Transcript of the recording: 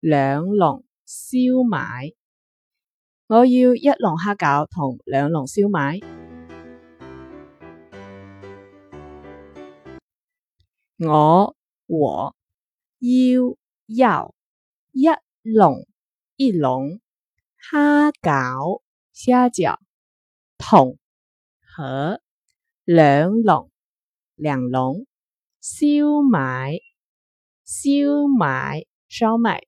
兩籠燒賣，我要一籠蝦餃同兩籠燒賣。我我要要一籠一籠蝦餃蝦餃同和兩籠兩籠燒賣燒賣燒賣。